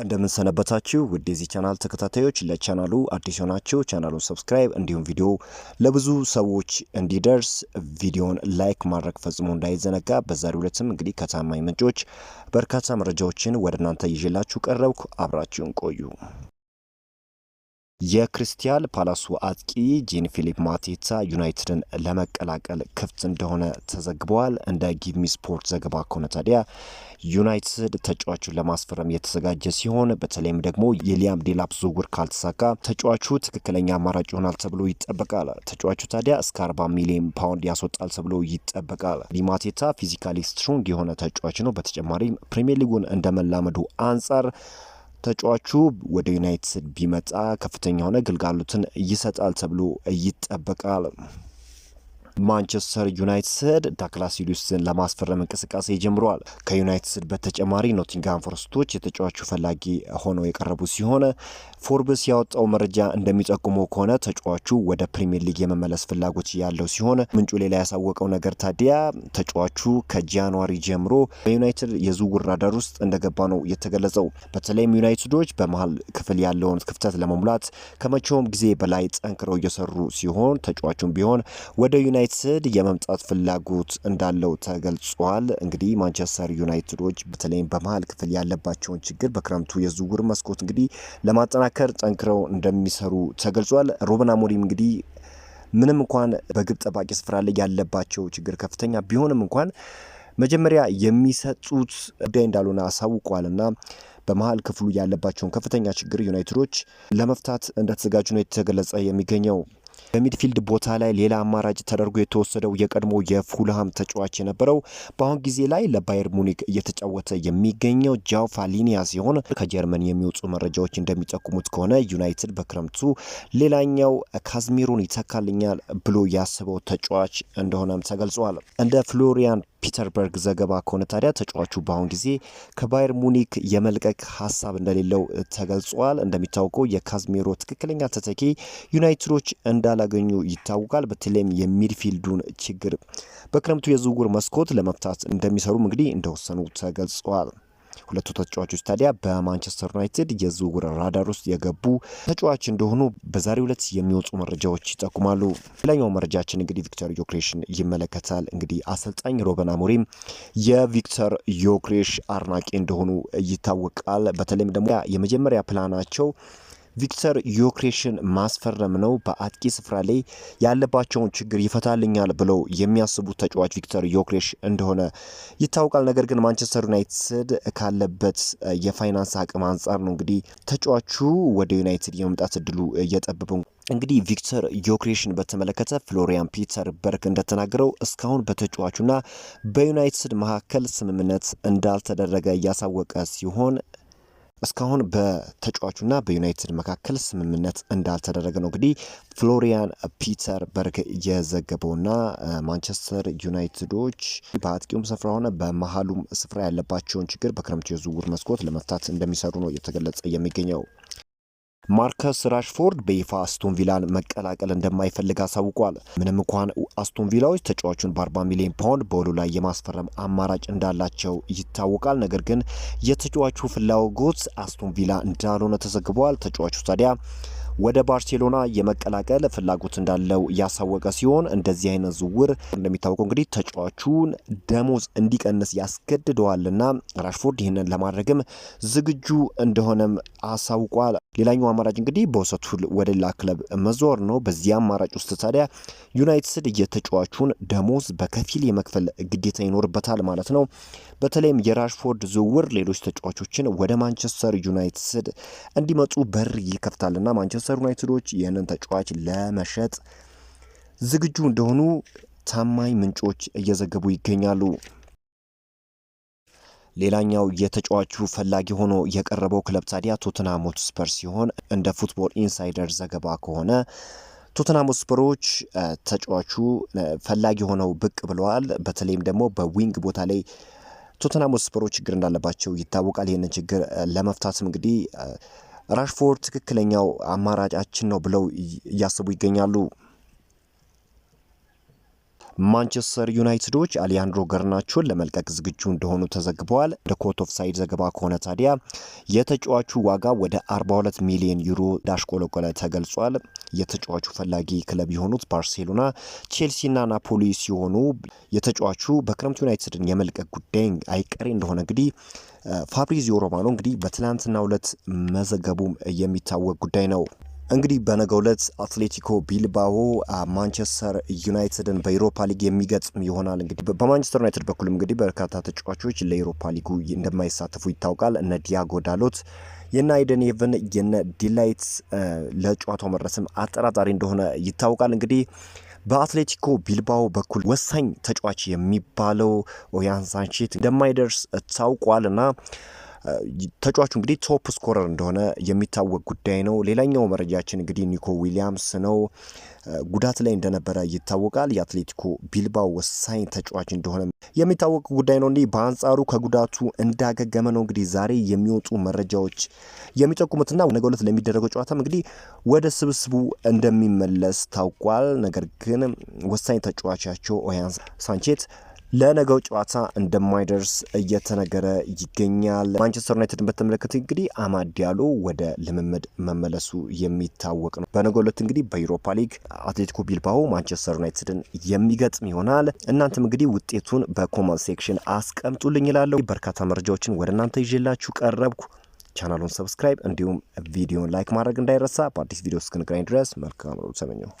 እንደምንሰነበታችሁ ውድ የዚህ ቻናል ተከታታዮች፣ ለቻናሉ አዲስ የሆናችሁ ቻናሉን ሰብስክራይብ እንዲሁም ቪዲዮ ለብዙ ሰዎች እንዲደርስ ቪዲዮን ላይክ ማድረግ ፈጽሞ እንዳይዘነጋ። በዛሬው ዕለትም እንግዲህ ከታማኝ ምንጮች በርካታ መረጃዎችን ወደ እናንተ ይዤላችሁ ቀረብኩ። አብራችሁን ቆዩ። የክሪስታል ፓላሱ አጥቂ ጂን ፊሊፕ ማቴታ ዩናይትድን ለመቀላቀል ክፍት እንደሆነ ተዘግበዋል። እንደ ጊቭሚ ስፖርት ዘገባ ከሆነ ታዲያ ዩናይትድ ተጫዋቹን ለማስፈረም የተዘጋጀ ሲሆን በተለይም ደግሞ የሊያም ዴላፕ ዝውውር ካልተሳካ ተጫዋቹ ትክክለኛ አማራጭ ይሆናል ተብሎ ይጠበቃል። ተጫዋቹ ታዲያ እስከ 40 ሚሊዮን ፓውንድ ያስወጣል ተብሎ ይጠበቃል። ሊማቴታ ፊዚካሊ ስትሮንግ የሆነ ተጫዋች ነው። በተጨማሪም ፕሪሚየር ሊጉን እንደመላመዱ አንጻር ተጫዋቹ ወደ ዩናይትድ ቢመጣ ከፍተኛ የሆነ ግልጋሎትን ይሰጣል ተብሎ ይጠበቃል። ማንቸስተር ዩናይትድ ዳግላስ ሉዊስን ለማስፈረም እንቅስቃሴ ጀምረዋል። ከዩናይትድ በተጨማሪ ኖቲንግሃም ፎረስቶች የተጫዋቹ ፈላጊ ሆነው የቀረቡ ሲሆን ፎርብስ ያወጣው መረጃ እንደሚጠቁመው ከሆነ ተጫዋቹ ወደ ፕሪምየር ሊግ የመመለስ ፍላጎት ያለው ሲሆን ምንጩ ሌላ ያሳወቀው ነገር ታዲያ ተጫዋቹ ከጃንዋሪ ጀምሮ በዩናይትድ የዝውውር ራዳር ውስጥ እንደገባ ነው የተገለጸው። በተለይም ዩናይትዶች በመሀል ክፍል ያለውን ክፍተት ለመሙላት ከመቼውም ጊዜ በላይ ጠንክረው እየሰሩ ሲሆን ተጫዋቹም ቢሆን ወደ ዩናይትድ ዩናይትድ የመምጣት ፍላጎት እንዳለው ተገልጿል። እንግዲህ ማንቸስተር ዩናይትዶች በተለይም በመሀል ክፍል ያለባቸውን ችግር በክረምቱ የዝውውር መስኮት እንግዲህ ለማጠናከር ጠንክረው እንደሚሰሩ ተገልጿል። ሩበን አሞሪም እንግዲህ ምንም እንኳን በግብ ጠባቂ ስፍራ ላይ ያለባቸው ችግር ከፍተኛ ቢሆንም እንኳን መጀመሪያ የሚሰጡት ጉዳይ እንዳልሆነ እና በመሀል ክፍሉ ያለባቸውን ከፍተኛ ችግር ዩናይትዶች ለመፍታት እንደተዘጋጁ ነው የተገለጸ የሚገኘው። በሚድፊልድ ቦታ ላይ ሌላ አማራጭ ተደርጎ የተወሰደው የቀድሞ የፉልሃም ተጫዋች የነበረው በአሁን ጊዜ ላይ ለባየር ሙኒክ እየተጫወተ የሚገኘው ጃው ፋሊኒያ ሲሆን ከጀርመን የሚወጡ መረጃዎች እንደሚጠቁሙት ከሆነ ዩናይትድ በክረምቱ ሌላኛው ካዝሚሩን ይተካልኛል ብሎ ያስበው ተጫዋች እንደሆነም ተገልጿል። እንደ ፍሎሪያን ፒተርበርግ ዘገባ ከሆነ ታዲያ ተጫዋቹ በአሁን ጊዜ ከባየር ሙኒክ የመልቀቅ ሀሳብ እንደሌለው ተገልጿል። እንደሚታወቀው የካዝሜሮ ትክክለኛ ተተኪ ዩናይትዶች እንዳላገኙ ይታወቃል። በተለይም የሚድፊልዱን ችግር በክረምቱ የዝውውር መስኮት ለመፍታት እንደሚሰሩም እንግዲህ እንደወሰኑ ተገልጿል። ሁለቱ ተጫዋቾች ታዲያ በማንቸስተር ዩናይትድ የዝውውር ራዳር ውስጥ የገቡ ተጫዋች እንደሆኑ በዛሬው ዕለት የሚወጡ መረጃዎች ይጠቁማሉ። ሌላኛው መረጃችን እንግዲህ ቪክተር ዮክሬሽን ይመለከታል። እንግዲህ አሰልጣኝ ሮበን አሞሪም የቪክተር ዮክሬሽ አድናቂ እንደሆኑ ይታወቃል። በተለይም ደግሞ የመጀመሪያ ፕላናቸው ቪክተር ዮክሬሽን ማስፈረም ነው። በአጥቂ ስፍራ ላይ ያለባቸውን ችግር ይፈታልኛል ብለው የሚያስቡት ተጫዋች ቪክተር ዮክሬሽ እንደሆነ ይታወቃል። ነገር ግን ማንቸስተር ዩናይትድ ካለበት የፋይናንስ አቅም አንጻር ነው እንግዲህ ተጫዋቹ ወደ ዩናይትድ የመምጣት እድሉ እየጠበበ እንግዲህ ቪክተር ዮክሬሽን በተመለከተ ፍሎሪያን ፒተር በርክ እንደተናገረው እስካሁን በተጫዋቹና በዩናይትድ መካከል ስምምነት እንዳልተደረገ እያሳወቀ ሲሆን እስካሁን በተጫዋቹና በዩናይትድ መካከል ስምምነት እንዳልተደረገ ነው እንግዲህ ፍሎሪያን ፒተር በርግ የዘገበውና ማንቸስተር ዩናይትዶች በአጥቂውም ስፍራ ሆነ በመሀሉም ስፍራ ያለባቸውን ችግር በክረምቱ የዝውውር መስኮት ለመፍታት እንደሚሰሩ ነው እየተገለጸ የሚገኘው። ማርከስ ራሽፎርድ በይፋ አስቶን ቪላን መቀላቀል እንደማይፈልግ አሳውቋል። ምንም እንኳን አስቶን ቪላዎች ተጫዋቹን በ40 ሚሊዮን ፓውንድ በውሉ ላይ የማስፈረም አማራጭ እንዳላቸው ይታወቃል። ነገር ግን የተጫዋቹ ፍላጎት አስቶን ቪላ እንዳልሆነ ተዘግቧል። ተጫዋቹ ታዲያ ወደ ባርሴሎና የመቀላቀል ፍላጎት እንዳለው ያሳወቀ ሲሆን እንደዚህ አይነት ዝውውር እንደሚታወቀው እንግዲህ ተጫዋቹን ደሞዝ እንዲቀንስ ያስገድደዋልና ራሽፎርድ ይህንን ለማድረግም ዝግጁ እንደሆነም አሳውቋል። ሌላኛው አማራጭ እንግዲህ በውሰቱ ወደ ሌላ ክለብ መዞር ነው። በዚህ አማራጭ ውስጥ ታዲያ ዩናይትድ የተጫዋቹን ደሞዝ በከፊል የመክፈል ግዴታ ይኖርበታል ማለት ነው። በተለይም የራሽፎርድ ዝውውር ሌሎች ተጫዋቾችን ወደ ማንቸስተር ዩናይትድ እንዲመጡ በር ይከፍታልና ማንቸስተር ማንቸስተር ዩናይትዶች ይህንን ተጫዋች ለመሸጥ ዝግጁ እንደሆኑ ታማኝ ምንጮች እየዘገቡ ይገኛሉ። ሌላኛው የተጫዋቹ ፈላጊ ሆኖ የቀረበው ክለብ ታዲያ ቶትናም ሆትስፐር ሲሆን እንደ ፉትቦል ኢንሳይደር ዘገባ ከሆነ ቶትናም ሆትስፐሮች ተጫዋቹ ፈላጊ ሆነው ብቅ ብለዋል። በተለይም ደግሞ በዊንግ ቦታ ላይ ቶትናም ሆትስፐሮች ችግር እንዳለባቸው ይታወቃል። ይህንን ችግር ለመፍታትም እንግዲህ ራሽፎርድ ትክክለኛው አማራጫችን ነው ብለው እያስቡ ይገኛሉ። ማንቸስተር ዩናይትዶች አሊያንድሮ ገርናቾን ለመልቀቅ ዝግጁ እንደሆኑ ተዘግበዋል። እንደ ኮት ኦፍ ሳይድ ዘገባ ከሆነ ታዲያ የተጫዋቹ ዋጋ ወደ 42 ሚሊዮን ዩሮ ዳሽቆለቆለ ተገልጿል። የተጫዋቹ ፈላጊ ክለብ የሆኑት ባርሴሎና፣ ቼልሲና ናፖሊ ሲሆኑ የተጫዋቹ በክረምት ዩናይትድን የመልቀቅ ጉዳይ አይቀሬ እንደሆነ እንግዲህ ፋብሪዚዮ ሮማኖ እንግዲህ በትላንትና ሁለት መዘገቡም የሚታወቅ ጉዳይ ነው። እንግዲህ በነገ ዕለት አትሌቲኮ ቢልባኦ ማንቸስተር ዩናይትድን በኤሮፓ ሊግ የሚገጥም ይሆናል። እንግዲህ በማንቸስተር ዩናይትድ በኩልም እንግዲህ በርካታ ተጫዋቾች ለኤሮፓ ሊጉ እንደማይሳተፉ ይታወቃል። እነ ዲያጎ ዳሎት የነ አይደን ሄቨን የነ ዲላይት ለጨዋታው መድረስም አጠራጣሪ እንደሆነ ይታወቃል። እንግዲህ በአትሌቲኮ ቢልባኦ በኩል ወሳኝ ተጫዋች የሚባለው ኦያን ሳንቼት እንደማይደርስ ታውቋል እና ተጫዋቹ እንግዲህ ቶፕ ስኮረር እንደሆነ የሚታወቅ ጉዳይ ነው። ሌላኛው መረጃችን እንግዲህ ኒኮ ዊሊያምስ ነው። ጉዳት ላይ እንደነበረ ይታወቃል። የአትሌቲኮ ቢልባው ወሳኝ ተጫዋች እንደሆነ የሚታወቅ ጉዳይ ነው። እንዲህ በአንጻሩ ከጉዳቱ እንዳገገመ ነው እንግዲህ ዛሬ የሚወጡ መረጃዎች የሚጠቁሙትና ነገ ዕለት ለሚደረገው ጨዋታም እንግዲህ ወደ ስብስቡ እንደሚመለስ ታውቋል። ነገር ግን ወሳኝ ተጫዋቻቸው ኦያን ሳንቼት ለነገው ጨዋታ እንደማይደርስ እየተነገረ ይገኛል። ማንቸስተር ዩናይትድን በተመለከተ እንግዲህ አማድ ዲያሎ ወደ ልምምድ መመለሱ የሚታወቅ ነው። በነገው ዕለት እንግዲህ በዩሮፓ ሊግ አትሌቲኮ ቢልባኦ ማንቸስተር ዩናይትድን የሚገጥም ይሆናል። እናንተም እንግዲህ ውጤቱን በኮመንት ሴክሽን አስቀምጡልኝ ይላለሁ። በርካታ መረጃዎችን ወደ እናንተ ይዤላችሁ ቀረብኩ። ቻናሉን ሰብስክራይብ እንዲሁም ቪዲዮን ላይክ ማድረግ እንዳይረሳ። በአዲስ ቪዲዮ እስክንገናኝ ድረስ መልካም ሰመኘው።